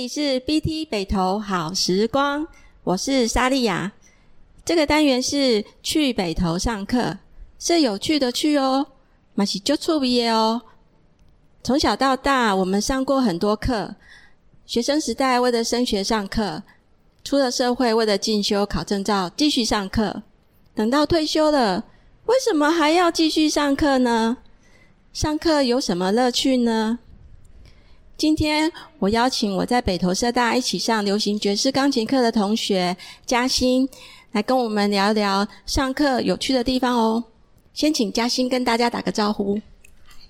你是 BT 北投好時光，我是莎莉亞。這個單元是趣北投上課，是有趣的趣哦，馬西就錯不了哦。從小到大，我們上過很多課。學生時代為了升學上課，出了社會為了進修考證照繼續上課，等到退休了，為什麼還要繼續上課呢？上課有什麼樂趣呢？今天我邀請我在北投社大一起上流行爵士鋼琴課的同學嘉欣，來跟我們聊一聊上課有趣的地方哦。先請嘉欣跟大家打個招呼。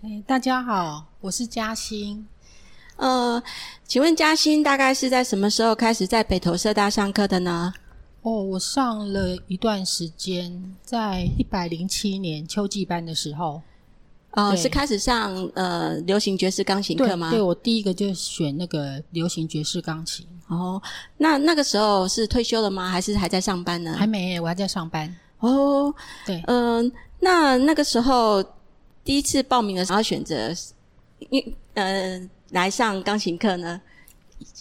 欸，大家好，我是嘉欣。呃，請問嘉欣大概是在什麼時候開始在北投社大上課的呢？哦，我上了一段時間，在一百零七年秋季班的時候。哦，是開始上對呃，流行爵士鋼琴課嗎？對，對，我第一個就選那個流行爵士鋼琴。哦，那那個時候是退休了嗎？還是還在上班呢？還沒，我還在上班。哦，對，嗯、呃，那那個時候第一次報名的時候選擇，因、呃來上鋼琴課呢？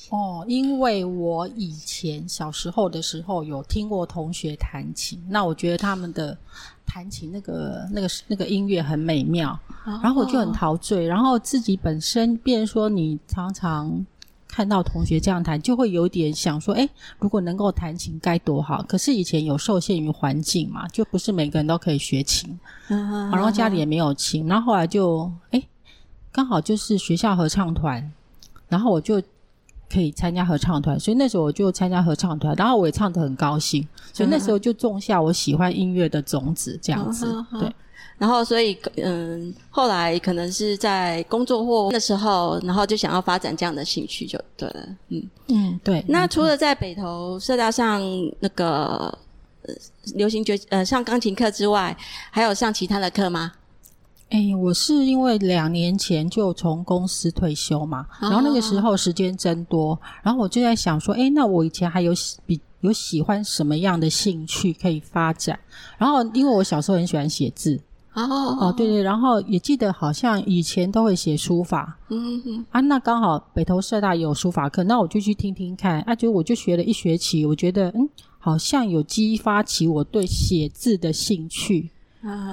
哦，因為我以前小時候的時候有聽過同學彈琴，那我覺得他們的。 彈琴那個那個那個音樂很美妙，哦、然後我就很陶醉，哦、然後自己本身，變成說你常常看到同學這樣彈，就會有點想說：哎，如果能夠彈琴該多好！可是以前有受限於環境嘛，就不是每個人都可以學琴，哦、然後家裡也沒有琴，哦、然後後來就哎，剛好就是學校合唱團，然後我就。可以參加合唱團，所以那時候我就參加合唱團，然後我也唱得很高興，所以那時候就種下我喜歡音樂的種子，這樣子、嗯嗯、對。然後所以嗯，後來可能是在工作或那時候，然後就想要發展這樣的興趣就對了，嗯嗯對。那除了在北投社大上那個流行爵呃上鋼琴課之外，還有上其他的課嗎？哎、欸，我是因為兩年前就從公司退休嘛，然後那個時候時間增多，oh、然後我就在想說，哎、oh 欸，那我以前還有喜比有喜歡什麼樣的興趣可以發展？然後因為我小時候很喜歡寫字，哦哦、oh 啊，對，對對，然後也記得好像以前都會寫書法，嗯嗯、oh、啊，那剛好北投社大也有書法課，那我就去聽聽看，啊，就我就學了一學期，我覺得嗯，好像有激發起我對寫字的興趣。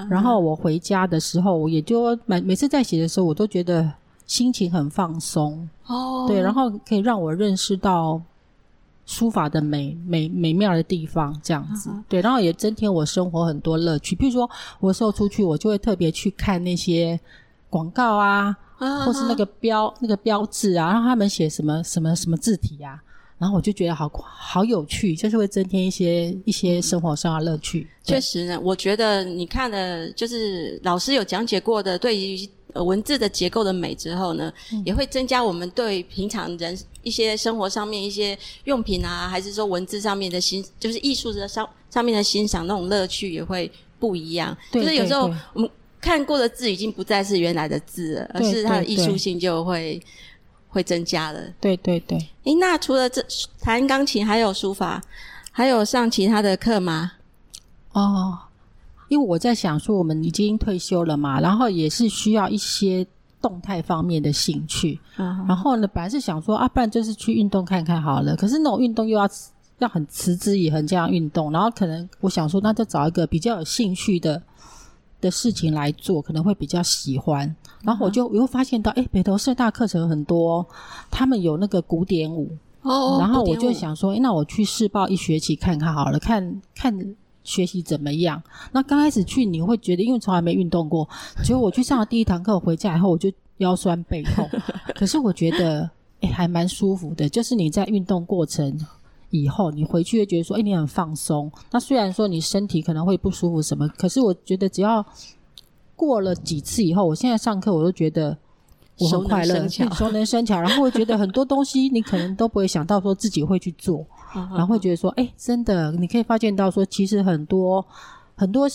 然後我回家的時候，我也就每每次在寫的時候，我都覺得心情很放鬆、oh. 對，然後可以讓我認識到書法的美美美妙的地方，這樣子、uh huh. 對，然後也增添我生活很多樂趣。比如說，我有時候出去，我就會特別去看那些廣告啊，uh huh. 或是那個標那個標誌啊，然後他們寫什麼什麼什麼字體啊。然後我就覺得好好有趣，就是會增添一些一些生活上的樂趣。嗯、對確實呢，我覺得你看的，就是老師有講解過的，對於文字的結構的美之後呢，嗯、也會增加我們對平常人一些生活上面一些用品啊，還是說文字上面的欣，就是藝術的上上面的欣賞，就是、的欣賞那種樂趣也會不一樣。對就是有時候，對對對，我們看過的字已經不再是原來的字了，而是它的藝術性就會。對對對會增加了，對對對。誒，那除了這彈鋼琴，還有書法，還有上其他的課嗎？哦，oh, 因為我在想說，我們已經退休了嘛，然後也是需要一些動態方面的興趣。Oh. 然後呢，本來是想說啊，不然就是去運動看看好了。可是那種運動又要要很持之以恆這樣運動，然後可能我想說，那就找一個比較有興趣的。的事情來做可能會比較喜歡，uh huh. 然後我就我又發現到，哎、欸，北投社大課程很多，他們有那個古典舞哦，oh, oh, 然後我就想說，哎、欸，那我去試報一學期看看好了，看看學習怎麼樣。那剛開始去你會覺得，因為從來沒運動過，結果我去上了第一堂課， 回家以後我就腰酸背痛， 可是我覺得、欸、還蠻舒服的，就是你在運動過程。以後你回去會覺得說，哎、欸，你很放鬆。那雖然說你身體可能會不舒服什麼，可是我覺得只要過了幾次以後，我現在上課我都覺得我很快樂，熟能生巧。生巧 然後我覺得很多東西你可能都不會想到說自己會去做， 然後會覺得說，哎、欸，真的你可以發現到說，其實很多很多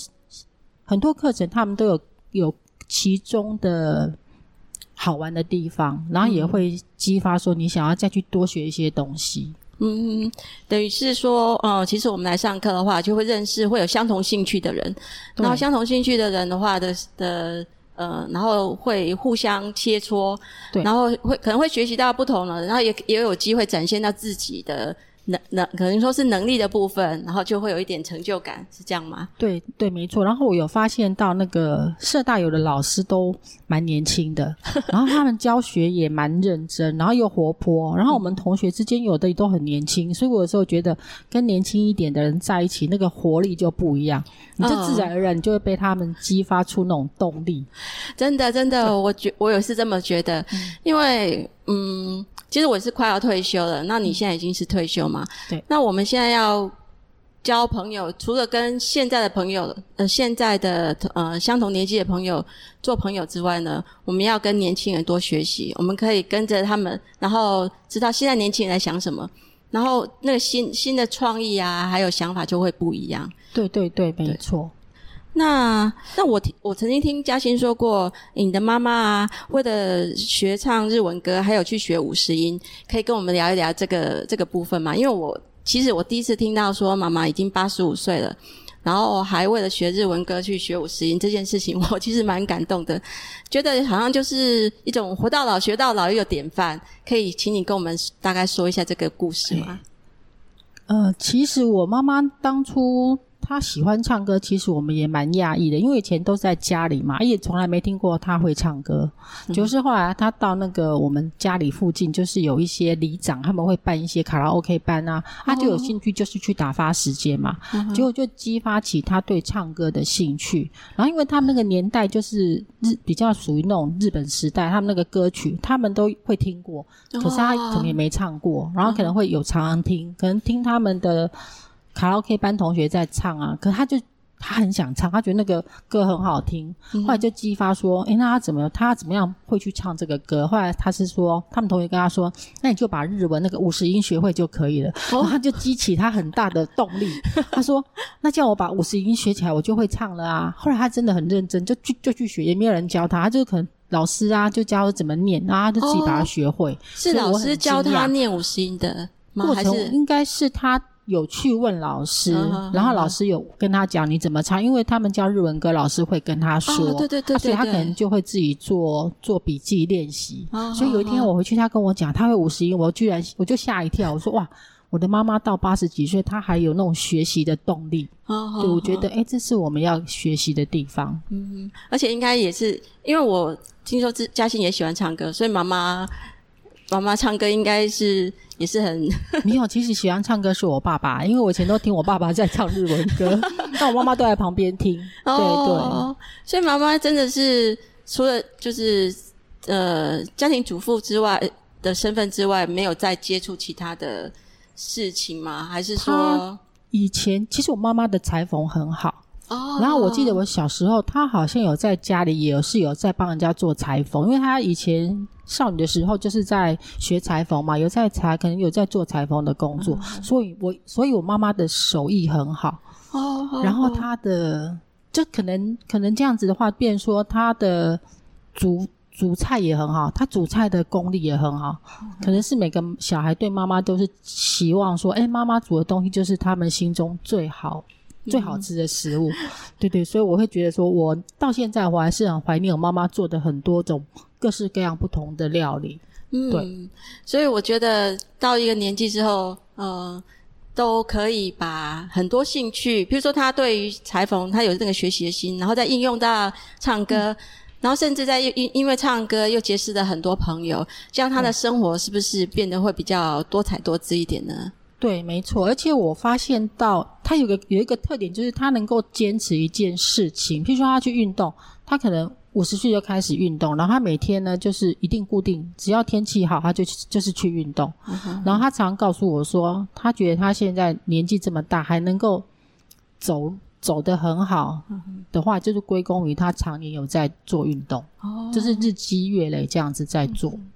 很多課程他們都有有其中的好玩的地方，然後也會激發說你想要再去多學一些東西。嗯，等於是說，呃，其實我們來上課的話，就會認識會有相同興趣的人。對然後相同興趣的人的話的的呃，然後會互相切磋，對然後會可能會學習到不同了，然後也也有機會展現到自己的。能能可能說是能力的部分，然後就會有一點成就感，是這樣嗎？對對，沒錯。然後我有發現到那個社大有的老師都蠻年輕的， 然後他們教學也蠻認真，然後又活潑。然後我們同學之間有的也都很年輕，嗯、所以我有時候覺得跟年輕一點的人在一起，那個活力就不一樣，你就自然而然、哦、就會被他們激發出那種動力。真的，真的，對我覺我也是這麼覺得，嗯、因為嗯。其實我是快要退休了，那你現在已經是退休嗎？對。那我們現在要交朋友，除了跟現在的朋友，呃，現在的呃相同年紀的朋友做朋友之外呢，我們要跟年輕人多學習，我們可以跟着他們，然後知道現在年輕人在想什麼，然後那個新新的創意啊，還有想法就會不一樣。對對對，沒錯。那那我聽我曾經聽嘉欣說過，欸、你的媽媽啊，為了學唱日文歌，還有去學五十音，可以跟我們聊一聊這個這個部分嗎？因為我其實我第一次聽到說媽媽已經八十五歲了，然後還為了學日文歌去學五十音這件事情，我其實蠻感動的，覺得好像就是一種活到老學到老又有典範。可以請你跟我們大概說一下這個故事嗎？欸、呃，其實我媽媽當初。他喜歡唱歌，其實我們也蠻訝異的，因為以前都是在家裡嘛，也從來沒聽過他會唱歌。嗯、就是後來他到那個我們家裡附近，就是有一些里長他們會辦一些卡拉 OK 班啊，他就有興趣，就是去打發時間嘛。哦、結果就激發起他對唱歌的興趣。嗯、哼然後，因為他們那個年代就是日、嗯、比較屬於那種日本時代，他們那個歌曲他們都會聽過，哦、可是他可能也沒唱過，然後可能會有常常聽，嗯、可能聽他們的。卡拉 OK 班同學在唱啊，可他就他很想唱，他覺得那個歌很好聽，嗯、後來就激發說：“哎、欸，那他怎麼他怎麼樣會去唱這個歌？”後來他是說，他們同學跟他說：“那你就把日文那個五十音學會就可以了。哦”然後他就激起他很大的動力。 他說：“那叫我把五十音學起來，我就會唱了啊！”後來他真的很認真，就去就去學，也沒有人教他，他就可能老師啊就教我怎麼念啊，他就自己把它學會。是老師教他念五十音的過程，還是應該是他。有去問老師，然後老師有跟他講你怎麼唱，因為他們教日文歌，老師會跟他說，對對對，所以他可能就會自己做做筆記練習。所以有一天我回去，他跟我講他會五十音，我居然我就嚇一跳，我說哇，我的媽媽到八十幾歲，她還有那種學習的動力，對，我覺得哎，這是我們要學習的地方。嗯，而且應該也是因為我聽說嘉欣也喜歡唱歌，所以媽媽。媽媽唱歌應該是也是很你 有，其實喜歡唱歌是我爸爸，因為我以前都聽我爸爸在唱日文歌， 但我媽媽都在旁邊聽。對、哦、對，對，所以媽媽真的是除了就是呃家庭主婦之外的身份之外，沒有再接觸其他的事情嗎？還是說以前其實我媽媽的裁縫很好。Oh，然後我記得我小時候，他好像有在家裡也是有在幫人家做裁縫，因為他以前少女的時候就是在學裁縫嘛，有在裁，可能有在做裁縫的工作，oh. 所以我所以我媽媽的手藝很好，oh, oh, oh. 然後他的就可能可能這樣子的話，變說他的煮煮菜也很好，他煮菜的功力也很好，oh, oh. 可能是每個小孩對媽媽都是期望說，哎、欸，媽媽煮的東西就是他們心中最好。最好吃的食物，對對，所以我會覺得說，我到現在我還是很懷念我媽媽做的很多種各式各樣不同的料理。對，嗯，所以我覺得到一個年紀之後，呃，都可以把很多興趣，比如說他對於裁縫，他有那個學習的心，然後再應用到唱歌，嗯、然後甚至在因因為唱歌又結識了很多朋友，這樣他的生活是不是變得會比較多彩多姿一點呢？對，沒錯，而且我發現到他有個有一個特點，就是他能夠堅持一件事情。譬如說，他去運動，他可能五十歲就開始運動，然後他每天呢，就是一定固定，只要天氣好，他就就是去運動。嗯嗯，然後他常告訴我說，他覺得他現在年紀這麼大，還能夠走走得很好的話，嗯、哼就是歸功於他常年有在做運動，哦、就是日積月累這樣子在做。嗯、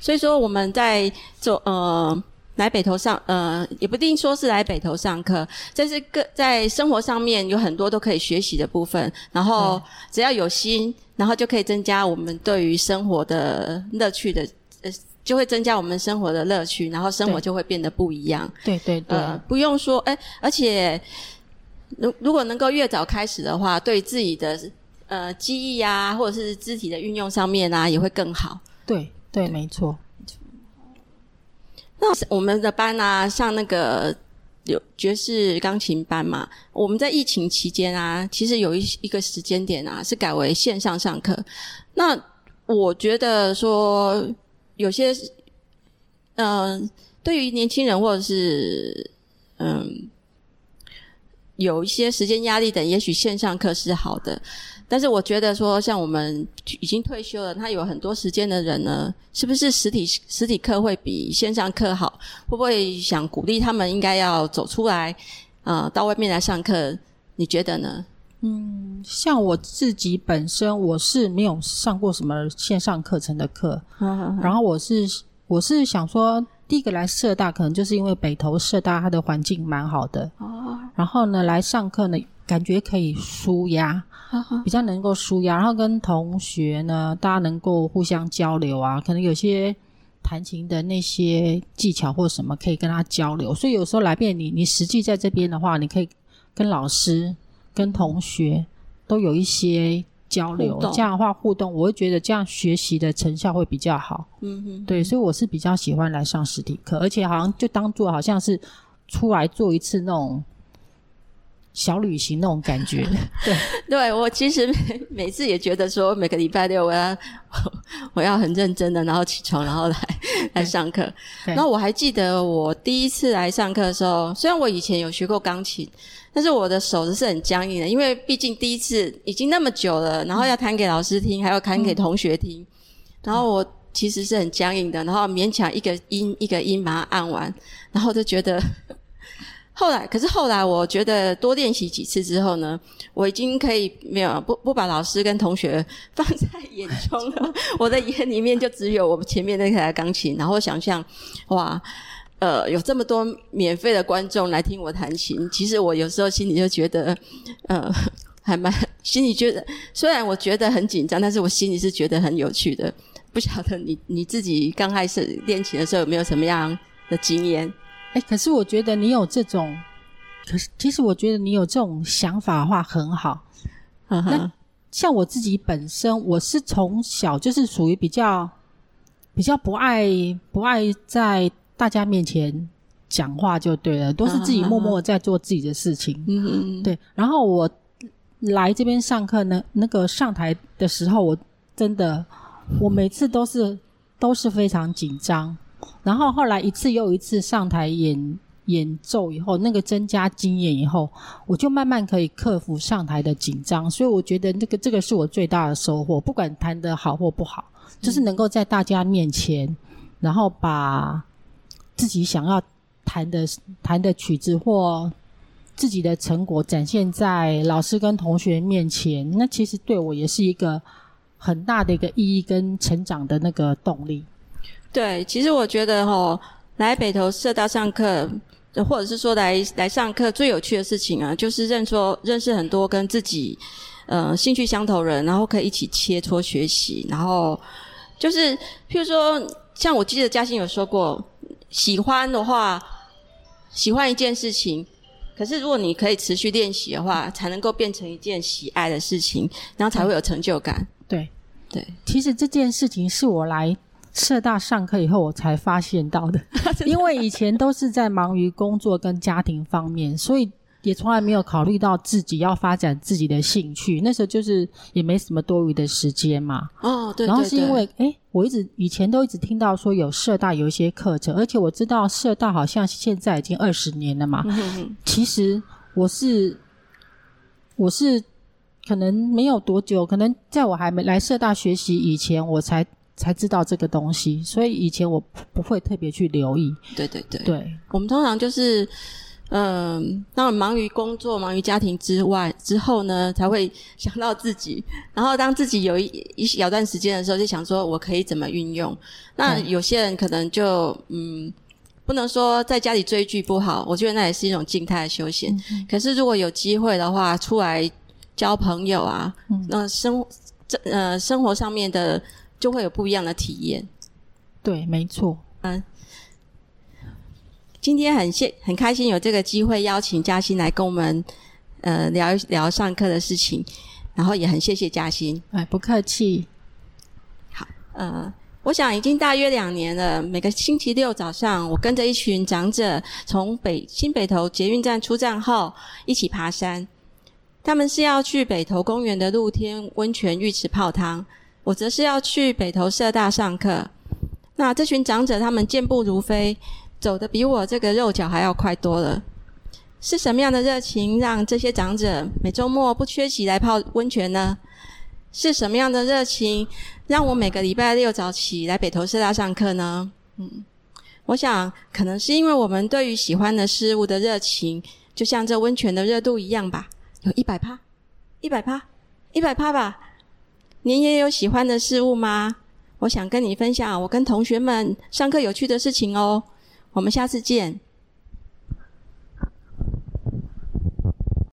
所以說，我們在做呃。來北投上，呃，也不定說是來北投上課，這是個在生活上面有很多都可以學習的部分，然後只要有心，對然後就可以增加我們對於生活的樂趣的，呃，就會增加我們生活的樂趣，然後生活就會變得不一樣。對，對對對，啊呃，不用說，哎、欸，而且，如如果能夠越早開始的話，對自己的呃記憶啊，或者是肢體的運用上面啊，也會更好。對對，對對沒錯。那我們的班啊，上那個有爵士鋼琴班嘛，我們在疫情期間啊，其實有一一個時間點啊，是改為線上上課。那我覺得說，有些嗯、呃，對於年輕人或者是嗯，有一些時間壓力等，也許線上課是好的。但是我覺得說，像我們已經退休了，他有很多時間的人呢，是不是實體實體課會比線上課好？會不會想鼓勵他們應該要走出來，啊、呃，到外面來上課？你覺得呢？嗯，像我自己本身我是沒有上過什麼線上課程的課，好好好然後我是我是想說，第一個來社大可能就是因為北投社大它的環境蠻好的，好好然後呢來上課呢。感覺可以舒壓，呵呵比較能夠舒壓。然後跟同學呢，大家能夠互相交流啊，可能有些彈琴的那些技巧或什麼，可以跟他交流。所以有時候來便你，你實際在這邊的話，你可以跟老師、跟同學都有一些交流，互動。這樣的話互動，我會覺得這樣學習的成效會比較好。嗯哼嗯，對，所以我是比較喜歡來上實體課，而且好像就當做好像是出來做一次那種。小旅行那種感覺，嗯，對，對我其實每，每次也覺得說，每個禮拜六我要我，我要很認真的，然後起床，然後來對來上課。對然後我還記得我第一次來上課的時候，雖然我以前有學過鋼琴，但是我的手是很僵硬的，因為畢竟第一次已經那麼久了，然後要彈給老師聽，還要彈給同學聽，嗯，然後我其實是很僵硬的，然後勉強一個音一個音把它按完，然後就覺得。後來，可是後來，我覺得多練習幾次之後呢，我已經可以沒有不不把老師跟同學放在眼中了。我的眼裡面就只有我前面那台鋼琴，然後想象哇，呃，有這麼多免費的觀眾來聽我彈琴。其實我有時候心裡就覺得，呃，還蠻心裡覺得，雖然我覺得很緊張，但是我心裡是覺得很有趣的。不曉得你你自己剛開始練琴的時候有沒有什麼樣的經驗？哎、欸，可是我覺得你有這種，可是其實我覺得你有這種想法的話很好。呵呵。那像我自己本身，我是從小就是屬於比較比較不愛不愛在大家面前講話就對了，都是自己默默的在做自己的事情。嗯嗯嗯。對，然後我來這邊上課呢，那個上台的時候，我真的我每次都是都是非常緊張。然後後來一次又一次上台演演奏以後，那個增加經驗以後，我就慢慢可以克服上台的緊張。所以我覺得那、這個這個是我最大的收穫。不管彈得好或不好，是就是能夠在大家面前，然後把自己想要彈的彈的曲子或自己的成果展現在老師跟同學面前，那其實對我也是一個很大的一個意義跟成長的那個動力。對，其實我覺得哈、哦，來北投社大上課，或者是說來來上課最有趣的事情啊，就是認錯認識很多跟自己，呃，興趣相投人，然後可以一起切磋學習，然後就是譬如說，像我記得嘉欣有說過，喜歡的話，喜歡一件事情，可是如果你可以持續練習的話，才能夠變成一件喜愛的事情，然後才會有成就感。對、嗯，對，對。其實這件事情是我來。社大上課以後，我才發現到的，因為以前都是在忙於工作跟家庭方面，所以也從來沒有考慮到自己要發展自己的興趣。那時候就是也沒什麼多餘的時間嘛。哦，對。然後是因為，哎，我一直以前都一直聽到說有社大有一些課程，而且我知道社大好像現在已經二十年了嘛。其實我是我是可能沒有多久，可能在我還沒來社大學習以前，我才。才知道這個東西，所以以前我不會特別去留意。對對對，對。我們通常就是，嗯、呃，當忙於工作、忙於家庭之外、之後呢，才會想到自己。然後當自己有一一小段時間的時候，就想說我可以怎麼運用。那有些人可能就對嗯，不能說在家裡追劇不好，我覺得那也是一種靜態的休閒。嗯、哼可是如果有機會的話，出來交朋友啊，嗯、那生呃生活上面的。就會有不一樣的體驗，對，沒錯。嗯，今天很謝很開心有這個機會邀請嘉欣來跟我們，呃，聊一聊上課的事情，然後也很謝謝嘉欣。哎，不客氣。好，呃、嗯，我想已經大約兩年了，每個星期六早上，我跟着一群長者從北，新北投捷運站出站後，一起爬山。他們是要去北投公園的露天溫泉浴池泡湯。我則是要去北投社大上課，那這群長者他們健步如飛，走得比我這個肉腳還要快多了。是什麼樣的熱情讓這些長者每周末不缺席來泡溫泉呢？是什麼樣的熱情讓我每個禮拜六早起來北投社大上課呢？嗯，我想可能是因為我們對於喜歡的事物的熱情，就像這溫泉的熱度一樣吧，有一百趴，一百趴，一百趴吧。您也有喜歡的事物嗎？我想跟你分享我跟同學們上課有趣的事情哦。我們下次見。